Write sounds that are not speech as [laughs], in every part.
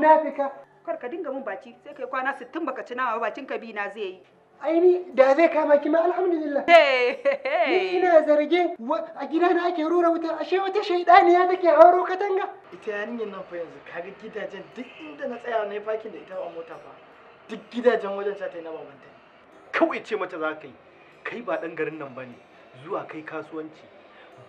munafika kar ka dinga mun baki sai kai kwana 60 baka ci nama bakin ka bi na zai yi aini da zai kama ki ma alhamdulillah ni ina zarge a gida na ake rura wuta ashe wata shaidaniya take hauro katanga ita yarinyar nan fa yanzu kaga gidajen duk inda na tsaya na yi da ita a mota fa duk gidajen wajen ta yi na ta kawai ce mata za ka yi kai ba dan garin nan bane zuwa kai kasuwanci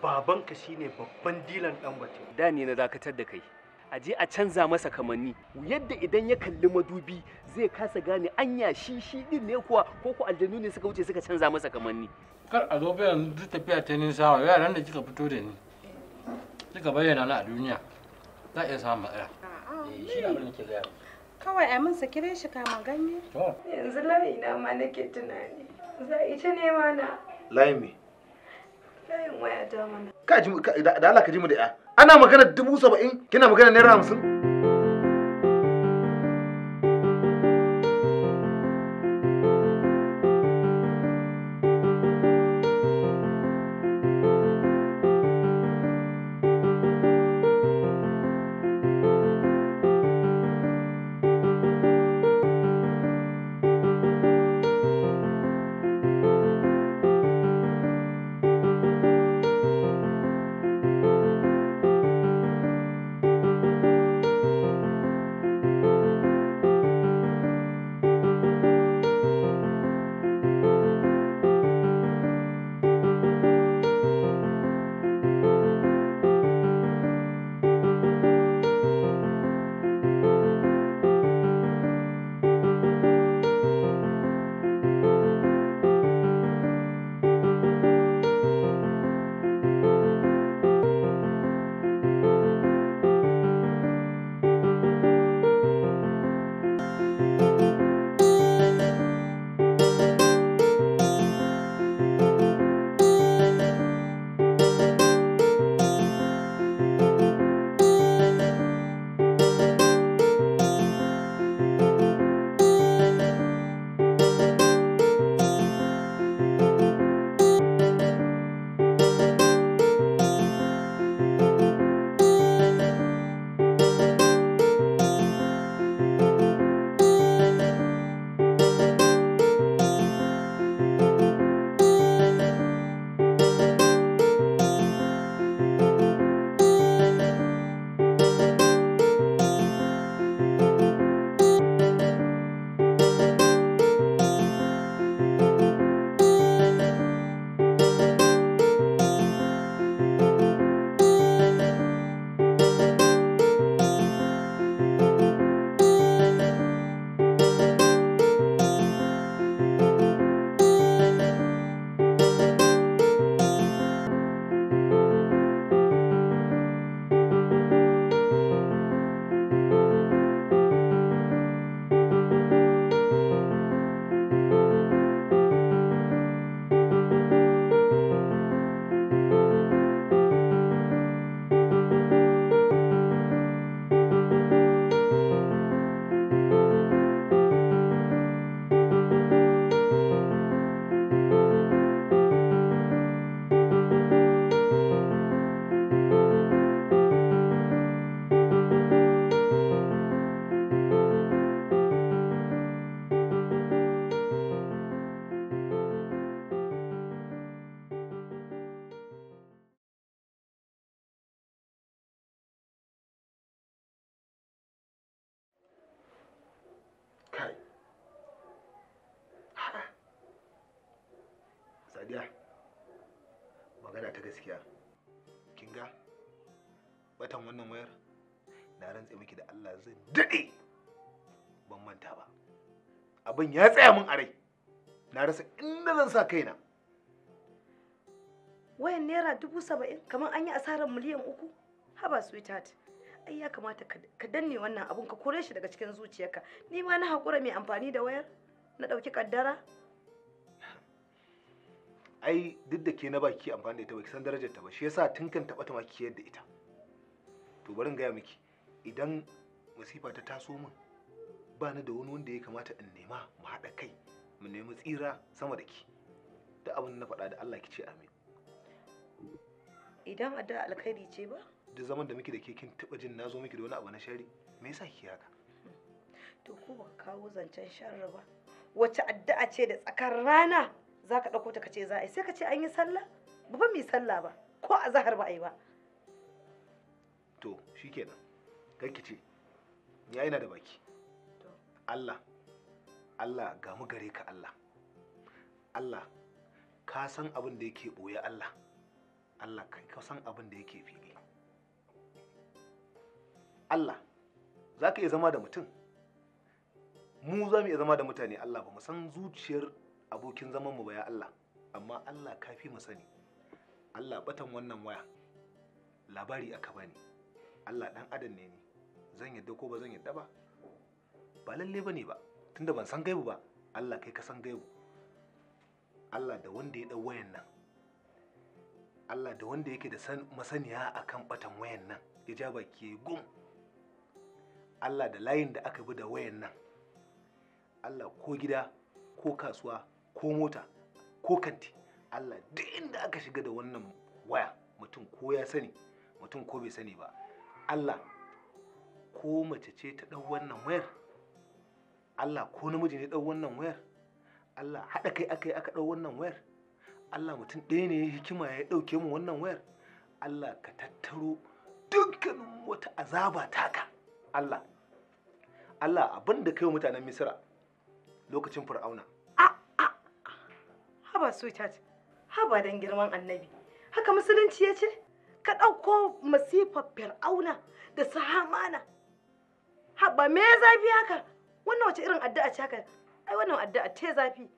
babanka shine babban dilan dan da ne na dakatar da kai a je a canza masa kamanni yadda idan ya kalli madubi zai kasa gane anya shi shi din ne kuwa ko ko aljanu ne suka wuce suka canza masa kamanni kar a zo bayan duk tafiya ta nisa wa yaran da kika fito da ni kika bayyana na a duniya za iya samu matsala eh, shi abin da ke gaya kawai a min sakire shi kama ganye yanzu layi na ma nake tunani za a ita ne na layi me layin waya ta mana ka ji da Allah ka ji mu da ya ana magana dubu saba'in kina magana naira hamsin gaskiya kin ga batan wannan wayar na rantse miki da Allah zai daɗe ban manta ba abin ya tsaya min a rai na rasa inda zan sa kaina wayan naira dubu saba'in kamar an yi asarar miliyan uku haba sweetheart ai ya kamata ka danne wannan abun ka kore shi daga cikin zuciyarka ni ma na hakura mai amfani da wayar na ɗauki ƙaddara ai duk da ke na baki amfani da ita baki san darajar ta ba shi yasa tun kan taba ta maki yadda ita to barin in gaya miki idan masifa ta taso min ba ni da wani wanda ya kamata in nema mu haɗa kai mu nemi tsira sama da ki da abin na faɗa da Allah ki ce amin idan adda alkhairi ce ba duk zaman da miki da ke kin taba jin nazo miki da wani abu na shari me yasa ki haka to ko baka kawo zancen sharri ba wace addu'a ce da tsakar rana za ka ɗauko ta ka ce za a yi sai ka ce an yi sallah ba mu mai sallah ba ko a zahar ba a yi ba to shi ke nan, kanki ce ya yana da baki Allah Allah ga mu gare ka Allah Allah ka san abin da yake ɓoye Allah Allah ka san abin da yake fili Allah za ka iya zama da mutum mu za mu iya zama da mutane Allah ba mu san zuciyar abokin zaman mu baya Allah amma Allah kafi mu sani Allah batan wannan waya labari aka bani Allah dan adam ne ni zan yadda ko ba zan yadda ba ba lalle bane ba tunda ban san gaibu ba Allah kai ka san gaibu Allah da wanda ya dau wayan nan Allah da wanda yake da san masaniya akan batan wayan nan ya ja baki gum Allah da layin da aka bi da wayan nan Allah ko gida ko kasuwa ko mota ko kanti Allah duk inda aka shiga da wannan waya mutum ko ya sani mutum ko bai sani ba Allah ko mace ce ta ɗau wannan wayar Allah ko namiji ne ɗau wannan wayar Allah haɗa kai aka yi aka ɗau wannan wayar Allah mutum ɗaya ne ya hikima ya ɗauke mu wannan wayar Allah ka tattaro dukkanin wata azaba taka Allah Allah abin da kai wa mutanen Misira lokacin Fir'auna haba sweetheart haba dan girman annabi haka musulunci ya ce ka ɗauko masifar fir'auna da sahamana. haba me zafi haka wannan wace irin addu'a ce haka ai wannan addu'a te zafi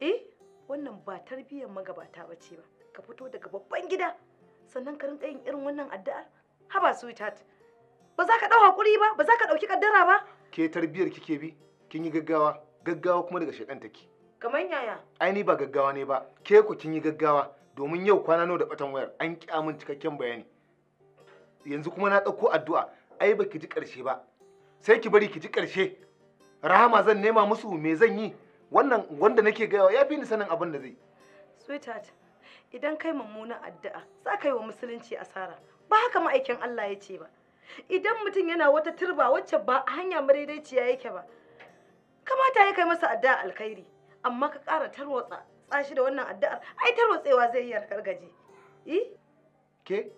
eh wannan ba tarbiyyar magabata ba ce ba ka fito daga babban gida sannan ka rinka yin irin wannan addu'a haba sweetheart ba za ka ɗauka hakuri ba ba za ka ɗauki kaddara ba ke tarbiyyar kike bi kin yi gaggawa gaggawa kuma daga shekan take Kamar yaya? Ai ni ba gaggawa ne ba, ke ku kin yi gaggawa domin yau kwana nawa da batan wayar an ki min cikakken bayani. Yanzu kuma na ɗauko addu'a, ai ba ki ji ƙarshe ba. Sai ki bari ki ji ƙarshe. Rahama zan nema musu me zan yi? Wannan wanda nake gayawa ya fi ni sanin abin da zai. Sweetheart, idan kai mummunan addu'a, za ka yi wa musulunci asara. Ba haka ma'aikin Allah ya ce ba. Idan mutum yana wata turba wacce ba hanya madaidaiciya yake ba, kamata ya kai masa addu'a alkhairi. amma ka ƙara tarwatsa tsashi da wannan addu'ar ai tarwatsewa zai yi yarkar gaji eh ke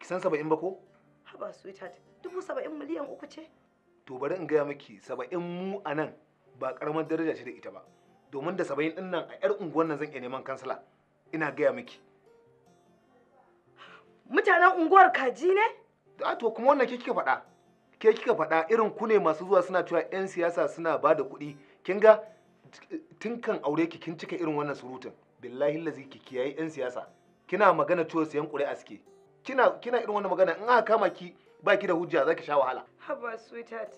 ki san saba'in ba ko haba sweetheart dubu saba'in miliyan uku ce to bari in gaya miki saba'in mu a nan ba karamar daraja ce da ita ba domin da saba'in din nan a yar unguwar nan zan iya neman kansala ina gaya miki mutanen unguwar kaji ne da to kuma wannan ke kika faɗa ke kika faɗa irin ku ne masu zuwa suna cewa 'yan siyasa suna ba da kuɗi kin ga tun kan aure ki kin cika irin wannan surutun billahi lazi ki kiyaye 'yan siyasa kina magana cewa siyan ƙuri'a suke kina kina irin wannan magana in aka kama ki baki da hujja zaki sha wahala haba sweetheart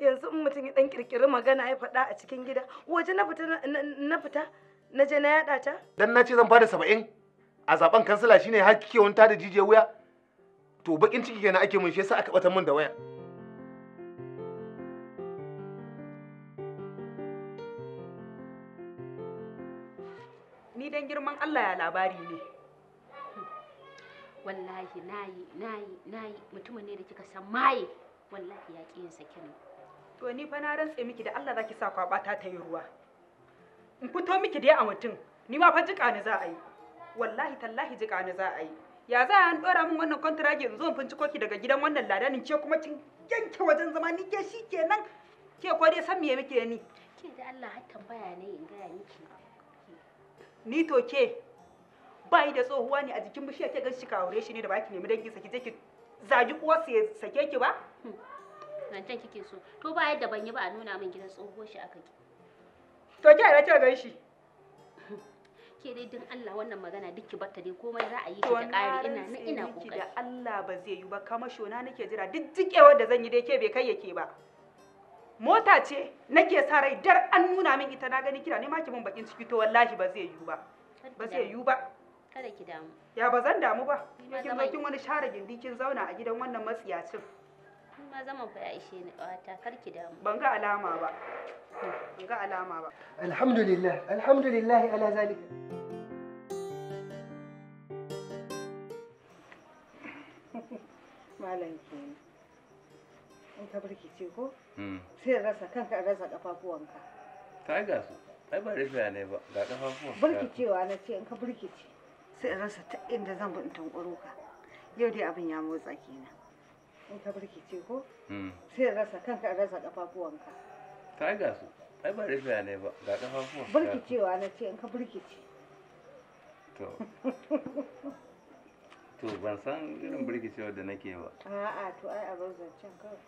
yanzu in mutum ya dan kirkiri magana ya faɗa a cikin gida waje na fita na fita na je na yada ta dan na ce zan bada 70 a zaben kansila shine har kike wanta da jijiyar wuya to bakin ciki kenan ake mun shi yasa aka bata mun da waya ni dan girman Allah ya labari ne wallahi nayi nayi nayi mutumin ne da kika san maye wallahi ya ƙi yin sakin to ni fa na rantse miki da Allah zaki sa kwaba ta ta yi ruwa in fito miki dai a mutum ni ma fa jika ni za a yi wallahi tallahi jika ni za a yi ya za an dora min wannan kontrage in zo in finciko koki daga gidan wannan ladanin ce kuma kin yanke wajen zama ni ke kenan. ke ko dai san me miki ni ke da Allah har tambaya ne in ga miki ni to ke bai da tsohuwa ne a jikin bishiya ke ganshi ka aure shi ne da baki nemi dangin saki je ki zagi uwarsa ya sake ki ba nan hmm, can kike so to ba yadda ban yi ba a nuna min gidan tsohuwar shi aka ki to ke da ke ganshi [laughs] ke dai din Allah wannan magana duk ki batta dai komai za a yi ki da ƙari ina na ina kokari da Allah ba zai yi ba kama shona nake jira duk jikewar da zan yi dai ke bai kai yake ba mota ce nake sa rai dar an nuna min ita na gani kira ne ma ki mun bakin ciki to wallahi ba zai yiwu ba ba zai yiwu ba kada ki damu ya ba zan damu ba kin zo kin wani share gindi kin zauna a gidan wannan matsiyacin ma zaman fa ya ishe ni ƙawata kar ki damu ban ga alama ba ban ga alama ba alhamdulillah alhamdulillah ala zalika [laughs] malam kenan in ka birkice ko hmm. sai rasa kanka a rasa kafafuwanka ka ga su ai ba rufiya ne ba ga kafafuwan birkicewa na ce in ka birkice sai in rasa ta inda zan bi in tankwaro ka yau dai abin ya motsa kenan in ka birkice ko hmm. sai in rasa kanka a rasa kafafuwanka ka ga su ai ba rufiya ne ba ga kafafuwan birkicewa na ce in ka birkice to to ban san irin hmm. birkicewar da nake ba a'a to ai abin zancen kawai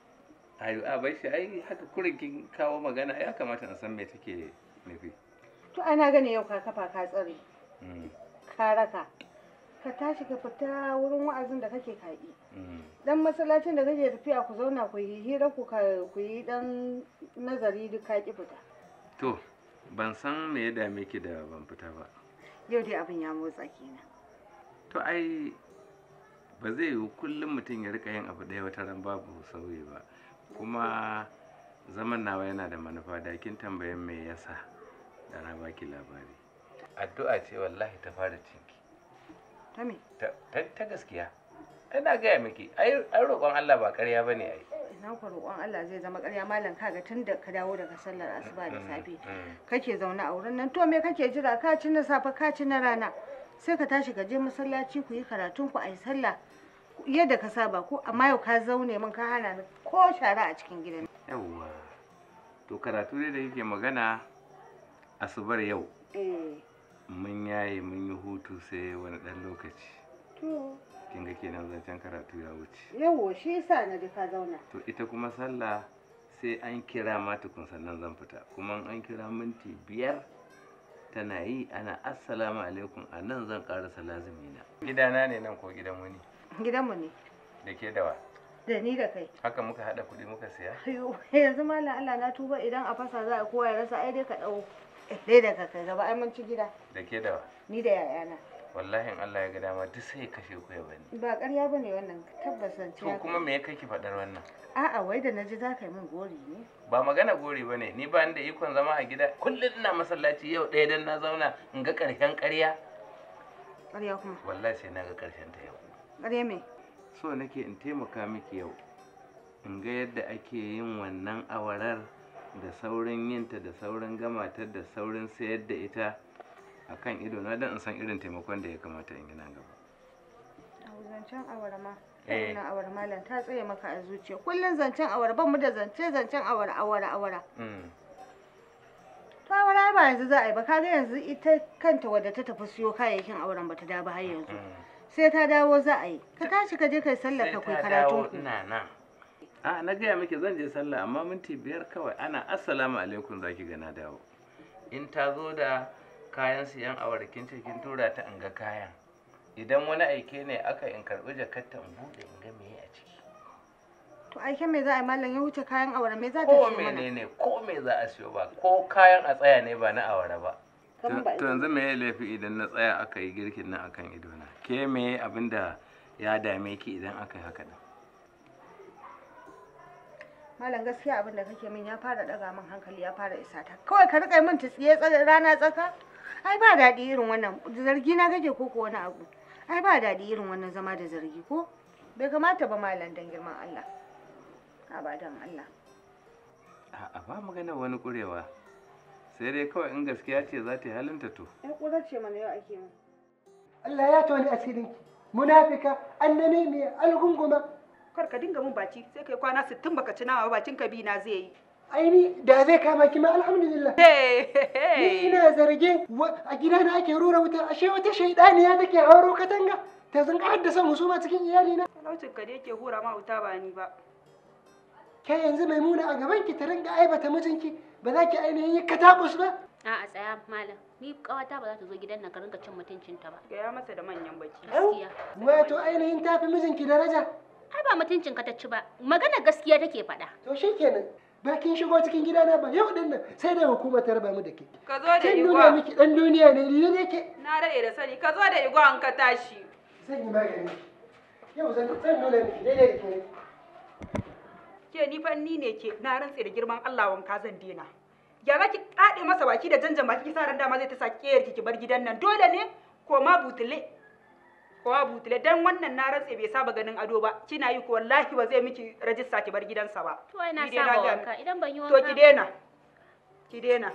a bai shi ai haka kurin kin kawo magana ya kamata an san me take nufi to ana gane yau ka kafa ka tsare mm. ka raka ka tashi ka fita wurin wa'azin da kake kaɗi mm. dan masallacin da kake tafiya ku zauna ku yi hira ku ku yi dan nazari duk ka ki fita to ban san me ya dame ki da ban fita ba yau dai abin ya motsa kenan to ai ba zai yi kullum mutum ya rika yin abu ɗaya wata ran babu sauyi ba kuma zaman nawa yana da manufa da kin tambayen me yasa da na baki labari addu'a ce wallahi ta fara cinki ta me ta gaskiya ina gaya miki ai roƙon Allah ba ƙarya bane ai ina ku roƙon Allah zai zama ƙarya malam kaga tun da ka dawo daga sallar asuba da mm, mm, safe mm. kake zaune a wurin nan to me kake jira ka ci na safe ka ci na rana sai ka tashi ka je masallaci ku yi karatun ku ayi sallah yadda ka saba ko amma yau ka zaune min ka hana ni ko shara a cikin gidan yawwa to karatu ne da yake magana asubar yau eh. mun yaye mun yi hutu sai wani ɗan lokaci kin ga kenan zancen karatu ya wuce yawwa shi yasa na ji ka zauna to ita kuma sallah sai an kira ma tukun sannan zan fita kuma an kira minti biyar tana yi ana assalamu alaikum a nan zan ƙarasa lazimi na gidana ne nan ko gidan wani gidanmu ne da ke dawa da ni da kai haka muka hada kuɗi muka siya [laughs] yanzu malam Allah na tuba idan a fasa za a kowa ya rasa ai dai ka ɗau dai daga kai gaba ai mun ci gida da ke dawa ni da yayana wallahi Allah ya ga dama duk sai kashe ku ya bani ba ƙarya bane wannan tabbas zan ci to kuma me ya kai ki faɗar wannan a'a wai da naji za ka yi min gori ne ba magana gori bane ni ba ni da ikon zama a gida kullum ina masallaci yau ɗaya dan na zauna in ga ƙarshen ƙarya ƙarya kuma wallahi sai na ga ƙarshen ta yau me? So nake in taimaka miki yau. In ga yadda ake yin wannan awarar da saurin yinta da saurin gamata da saurin sayar da ita a kan ido na don in san irin taimakon da ya kamata in gina gaba. A zancen awara ma. Eh. Ina awar malam ta tsaye maka a zuciya. Kullum zancen awara ban mu da zance zancen awara awara awara. Mm. To awara ba yanzu za a yi ba ga yanzu ita kanta wadda ta tafi siyo kayayyakin auren ba ta da ba har yanzu. Mm. sai ta dawo za a yi ka tashi ka je kai sallah ka kai karatu ina nan a na gaya miki zan je sallah amma minti biyar kawai ana assalamu alaikum zaki ga na dawo in ta zo da kayan siyan awarkin cikin tura ta in ga kayan idan wani aike ne aka in karɓi jakarta in buɗe in ga meye a ciki to aike me za a yi mallam ya wuce kayan awara me za ta siyo mana ko menene ko me za a siyo ba ko kayan a tsaya ne ba na awara ba to yanzu me ya laifi idan na tsaya aka yi girkin nan akan idona ke me abin da ya dame ki idan aka yi haka malam gaskiya abin da kake min ya fara daga min hankali ya fara isa ta kawai ka rika min tsiye rana tsaka ai ba daɗi irin wannan zargi na kake ko ko wani abu ai ba daɗi irin wannan zama da zargi ko bai kamata ba malam dan girman Allah abadan Allah a'a ba magana wani kurewa sai dai kawai in gaskiya ce za ta yi halinta to Ya ce mana yau ake yi. Allah ya toni asirin munafika annane mai algunguma kar ka dinga mun baci sai kai kwana sittin baka ci nama bacin ka bi na zai yi aini da zai kama ki ma alhamdulillah ni ina zarge a gida na ake rura wuta ashe wata shaidaniya take hauro katanga ta zan haddasa musuma cikin na. talaucin ka da yake hura ma wuta ba ni ba ke yanzu maimuna a gaban ki ta ringa aibata mijinki ba za ki ainihin yi katabus ba a a tsaya malam ni kawata ba za ta zo gidan nan ka ringa cin mutuncinta ba Ya masa da manyan baki gaskiya wato ainihin tafi mijinki daraja ai ba mutuncin ka ta ci ba magana gaskiya take faɗa to shikenan ba kin shigo cikin gidana ba yau din nan sai da hukumar ta raba mu da ke ka zo da igwa nuna miki dan duniya ne ni ne ke na rade da sani ka zo da igwa an ka tashi zan yi magani yau zan nuna miki daidai da ke ce ni fa ni ne ke na rantse da girman Allah wanka zan dena ya zaki ki kade masa baki da janjan baki ki sa ran dama zai ta saki yar ki bar gidan nan dole ne ko ma butule ko ma butule dan wannan na rantse bai saba ganin ado ba kina yi ko wallahi ba zai miki rajista ki bar gidansa ba to ina saba wanka idan ban yi wanka to ki dena ki dena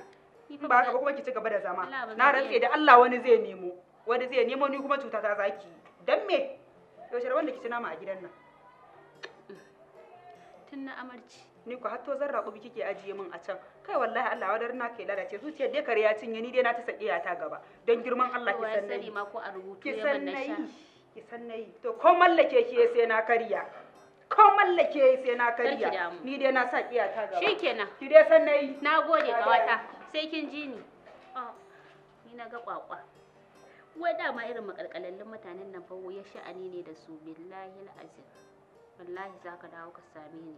ba haka ba kuma ki ci gaba da zama na rantse da Allah wani zai nemo wani zai nemo ni kuma cuta ta zaki dan me yaushe wanda ki ci nama a gidan nan tun na amarci ni ku hatto zan raƙubi kike ajiye min a can kai wallahi Allah wadar na ke lalace zuciyar dai kare ya cinye ni dai na ta sakiya ta gaba don girman Allah ki san nayi ma ko a rubutu ya ban sha ki san nayi to ko mallake ki sai na karya ko mallake sai na karya ni dai na sakiya ta gaba shikenan ki dai san nayi nagode wata. sai kin ji ni ah, ni na ga kwakwa wai dama irin makalkalallin mutanen nan fa ya sha'ani ne da su billahi al'azim wallahi za ka dawo ka same ni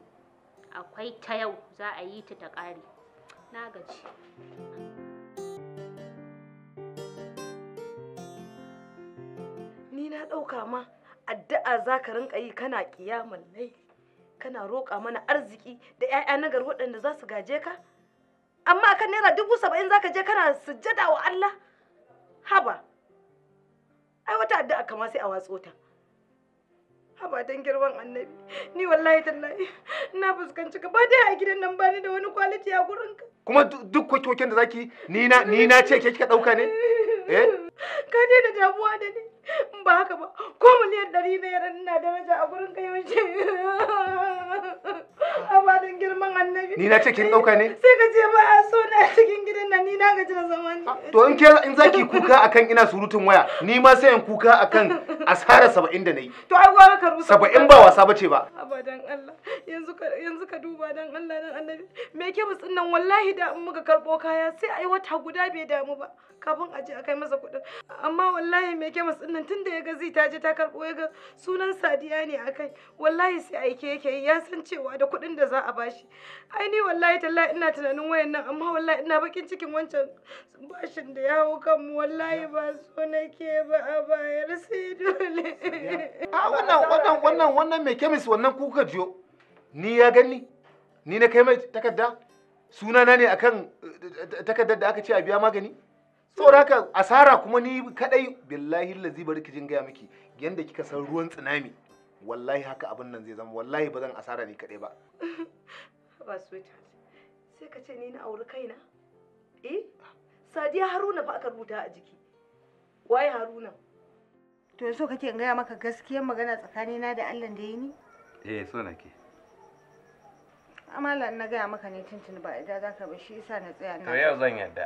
akwai ta yau za a yi ta ta ƙare na gaji ni na ɗauka ma addu'a za ka rinka yi kana ƙiyamar kana roƙa mana arziki da 'ya'ya na gari waɗanda za su gaje ka amma kan naira dubu saba'in za ka je kana sujjada wa Allah haba ai wata addu'a kama sai a watsota. haba dan girman annabi ni wallahi tallahi na fuskanci gaba dai a gidan nan bani da wani kwaliti a gurin ka kuma duk kwakokin da zaki ni na ni na ce ke kika dauka ne eh ka dai da damuwa da ni in ba haka ba ko miliyan 100 na yaran ina daraja a gurin ka yaushe Abadin girman annabi. Ni na ce kin ɗauka ne? Sai ka ce ba a so na cikin gidan nan ni na gaji da zaman. To in ke in zaki kuka akan ina surutun waya, ni ma sai in kuka akan asara saba'in da na yi. To ai gwara ka rusa. Saba'in ba wasa bace ba. Abadan Allah yanzu ka yanzu ka duba dan Allah dan annabi. Me ke mutsin nan wallahi da in muka karɓo kaya sai ai wata guda bai damu ba. Kafin a je a kai masa kuɗin. Amma wallahi me ke mutsin nan tunda ya ga zai ta je ta karɓo ya ga sunan Sadiya ne akai. Wallahi sai aike yake ya san cewa da kuɗin da za a bashi ai ni wallahi tallahi ina tunanin wayan nan amma wallahi ina bakin cikin wancan bashin da ya hau kanmu wallahi ba so nake ba a bayar sai dole a ah, wannan wannan wannan wannan mai kemis wannan kuka jiyo ni ya gani ni na kai mai takarda sunana ne akan eh, takardar da aka ce a biya magani saboda haka asara kuma ni kadai billahi lazi bari kijin gaya miki yanda kika san ruwan tsunami wallahi haka abin nan zai zama wallahi ba zan asara ni kaɗai ba [laughs] ba sweetheart sai ka ce ni na auri kaina eh sadiya haruna fa aka rubuta a jiki waye haruna to yanzu kake gaya maka gaskiyar magana tsakanina da allah da ya ni eh so nake amala na gaya maka ne tuntun ba idan zaka ba shi yasa na tsaya na to yau zan yadda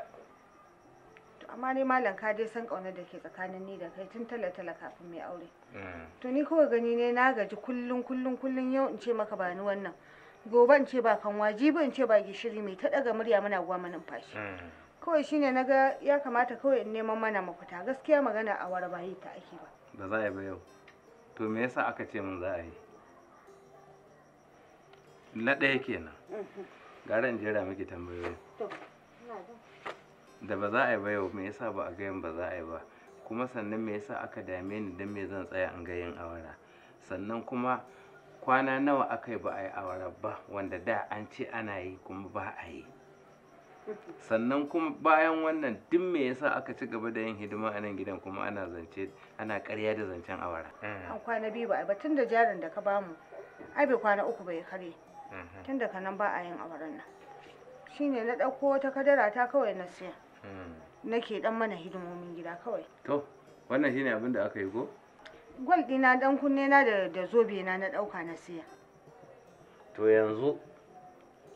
amma ne malam ka dai san ƙaunar da ke tsakanin ni da kai tun tala-tala kafin mai aure mm. to ni kawai gani ne na gaji kullum kullum kullum yau in ce maka bani wannan gobe in ce ba kan wajibi in ce ba gishiri mai ta daga murya muna guwa mana numfashi mm. kawai shine na ya kamata kawai in neman mana mafita gaskiya magana a wara bayi ta ake ba ba za a yi ba yau to me yasa aka ce min za a yi na ɗaya kenan mhm. gara in jera miki tambayoyi to ina da ba za a yi ba yau me yasa ba a gayan ba za a yi ba kuma sannan me yasa aka dame ni don me zan tsaya in yin awara sannan kuma kwana nawa aka yi ba a yi awara ba wanda da an ce ana yi kuma ba a yi sannan kuma bayan wannan duk me yasa aka ci gaba da yin hidima a nan gidan kuma ana zance ana ƙarya da zancen awara an kwana biyu ba ba tun da jarin da ka bamu ai bai kwana uku bai kare tun da kanan ba a yin awaran nan shine na ɗauko wata kadara ta kawai na siya nake dan mana hidimomin gida kawai to wannan shine abin da aka yi ko gwal dina dan kunne na da da zobe na na dauka na siya to yanzu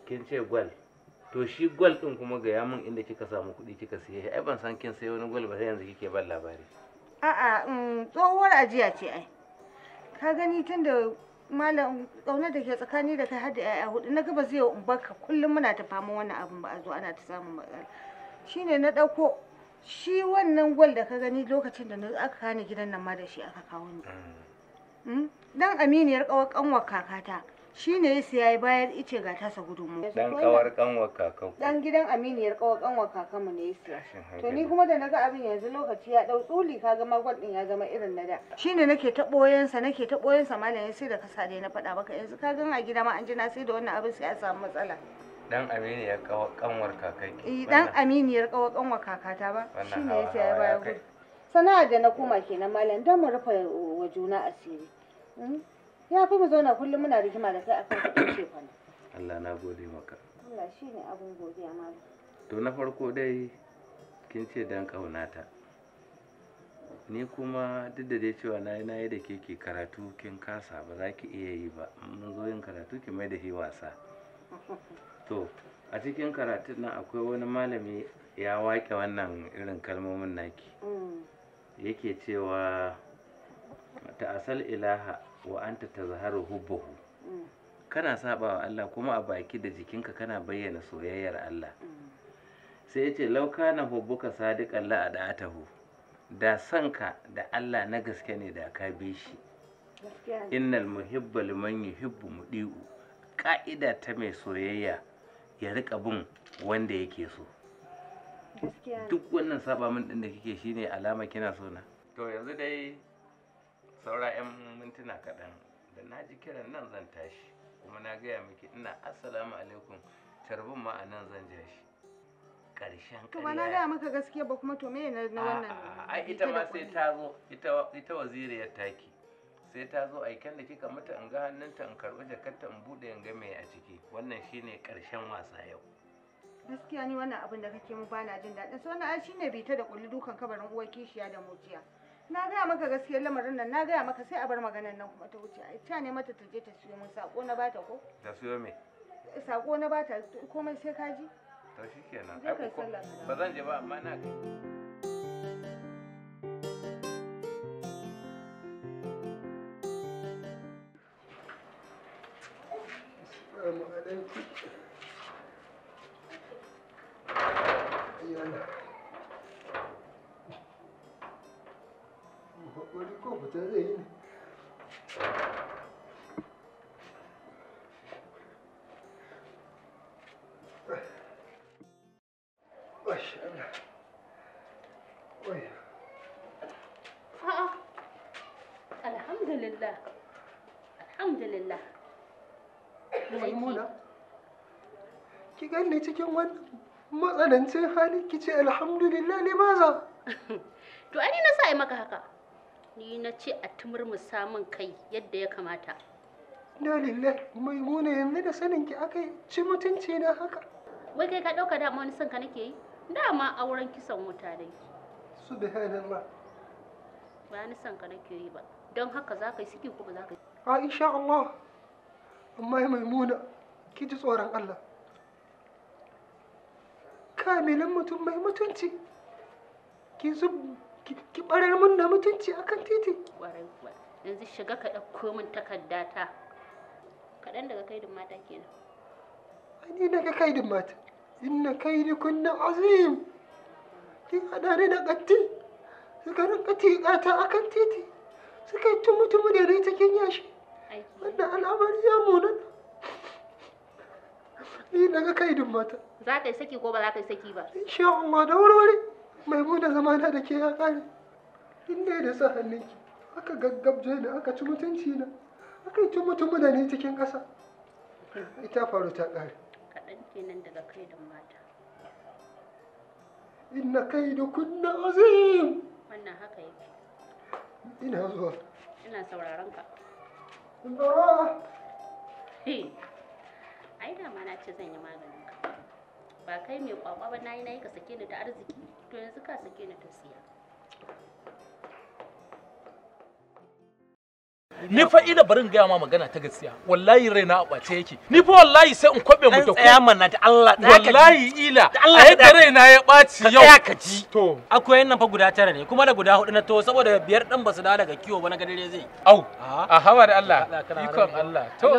kin ce gwal to shi gwal din kuma ga min inda kika samu kuɗi kika siya ai ban san kin sayo wani gwal ba sai yanzu kike ban labari a'a mm, tsohuwar ajiya ce ai ka gani tunda malam ƙaunar da ke tsakani da kai har da 'ya'ya hudu na gaba zai yi baka kullum muna ta fama wannan abin ba a zo ana ta samun matsala shine na ɗauko shi wannan gwal da ka gani lokacin da aka kani gidan nan ma da shi aka kawo ni mm. Mm. dan aminiyar kawar kanwa kakata shi ne ya siya ya bayar ice ga tasa gudunmu dan kawar kanwa kakan dan gidan aminiyar kawar kanwa kakanmu ne ya siya to ni kuma da naga abin yanzu lokaci ya dau tsuli ka ga gwal din ya zama irin na da shine nake ta boyen sa nake ta boyen sa malamin sai da kasa dai na faɗa maka yanzu ka gan a gida ma an ji na sai da wannan abin sai a samu matsala dan kawo kanwar kakaki eh, dan kawo kanwar kakata ba shine yasa ya baya gudu sana'a da na koma kenan malam dan mu rufe wa juna asiri hmm? ya fi mu zauna kullum muna rigima da kai akan kuɗin shekwana Allah na gode maka Allah shine abun godiya malam to na farko dai kin ce dan kaunata ni kuma duk da dai cewa na na yi da ke ke karatu kin kasa ba za ki iya yi ba mun zo yin karatu ki mai da shi wasa [laughs] to a cikin karatun nan akwai wani malami ya waƙe wannan irin kalmomin naki yake cewa ta asal ilaha wa ta tazharu hubbahu kana saba wa Allah kuma a baki da jikinka kana bayyana soyayyar Allah sai ya ce lauka na hubbuka sadiƙan la Atahu. da sanka da Allah na gaske ne da ka bi shi innal muhibba liman yuhibbu mudi'u ka'ida ta mai soyayya ya rika bin wanda yake so duk wannan saba min din da kike shine alama kina so na to yanzu dai saura yan mintuna kaɗan da na ji kiran nan zan tashi kuma na gaya miki ina assalamu alaikum tarbin ma a nan zan ja shi ƙarshen to na gaya maka gaskiya ba kuma to me na wannan ai ita ma sai ta zo ita waziriyar taki sai ta zo aiken da kika mata in ga hannunta in karɓi jakarta in buɗe in ga mai a ciki wannan shine ƙarshen wasa yau gaskiya ni wannan abin da kake mu bana jin daɗin so na shi ne bita da kulli dukan kabarin uwar kishiya da mujiya na gaya maka gaskiyar lamarin nan na gaya maka sai a bar maganar nan kuma ta wuce a ita ne mata ta je ta siyo min saƙo na bata ko ta siyo me saƙo na bata komai sai ka ji to shikenan ai ba zan je ba amma na kai ki ganni cikin wani matsanancin hali ki ce alhamdulillah ne maza [laughs] to ani na sa yi maka haka ni na ce a tumur mu samun kai yadda ya kamata na lillahi mai gona yanzu da sanin ki aka ci mutunci na haka wai kai ka dauka dama wani son ka nake yi dama auren kisan wuta dai subhanallah ba ni son ka nake yi ba don haka za ka yi siki ko ba za ka yi a insha Allah amma maimuna ki ji tsoron Allah kamilin mutum mai mutunci ki zub ki barar mun da mutunci akan titi yanzu shiga ka ɗauko min takarda ta kaɗan daga kaidin mata kenan ni daga kaidin mata inna kaidi kunna azim ki hada ni da ƙatti suka rinka tiƙata akan titi suka yi tumutumu da ni cikin yashi wannan al'amari ya munana ni daga kai din mata za ka yi saki ko ba za ka yi saki ba insha Allah da wurwuri mai muna zamana da ke ya kare in dai da sa hannunki aka gaggabje ni aka ci mutunci na aka yi cin mutum da ni cikin ƙasa ita faru ta kare kaɗan kenan daga kai din mata inna kai da kunna azim wannan haka yake ina zuwa ina sauraron ka Ah! ai da ma na ce zan yi maganin ka ba kai mai kwakwa ba nayi nayi ka sake ni ta arziki to yanzu ka sake ni ta siya ni fa ina barin gaya ma magana ta gaskiya wallahi raina a bace yake ni fa wallahi sai in kwabe mu da ku tsaya mana da Allah da wallahi ila a yadda raina ya ɓaci yau ka ji to akwai nan fa guda tara ne kuma da guda hudu na to saboda biyar dan basu da daga kiwo ba na gadare zai au a hawa da Allah ikon Allah to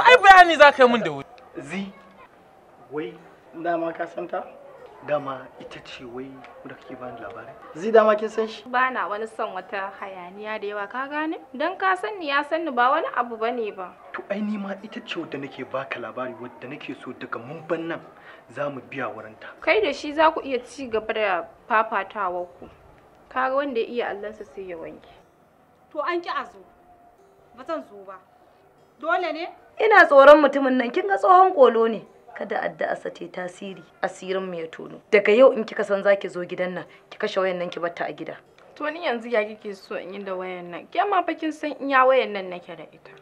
ai bayani ka yi min da wuri zi wai dama ka santa dama ita ce wai da kake bani labarin zai dama kin san shi ba wani son wata hayaniya da yawa ka gane dan ka san ni ya san ni ba wani abu bane ba to ai ni ma ita ce wadda nake baka labari wadda nake so daga mun ban nan za mu biya wurinta kai da shi za ku iya ci gaba da fafatawar ku kaga wanda ya iya allansa sai ya wanke to an ki a ba zan zo ba dole ne ina tsoron mutumin nan kin ga tsohon kolo ne kada sa ta tasiri asirin mu ya tono daga yau in kika san zaki zo gidan nan ki kashe wayan nan ki batta a gida to ni yanzu ya kike so in yi da wayan nan ke ma fa kin san iya wayan nan nake da ita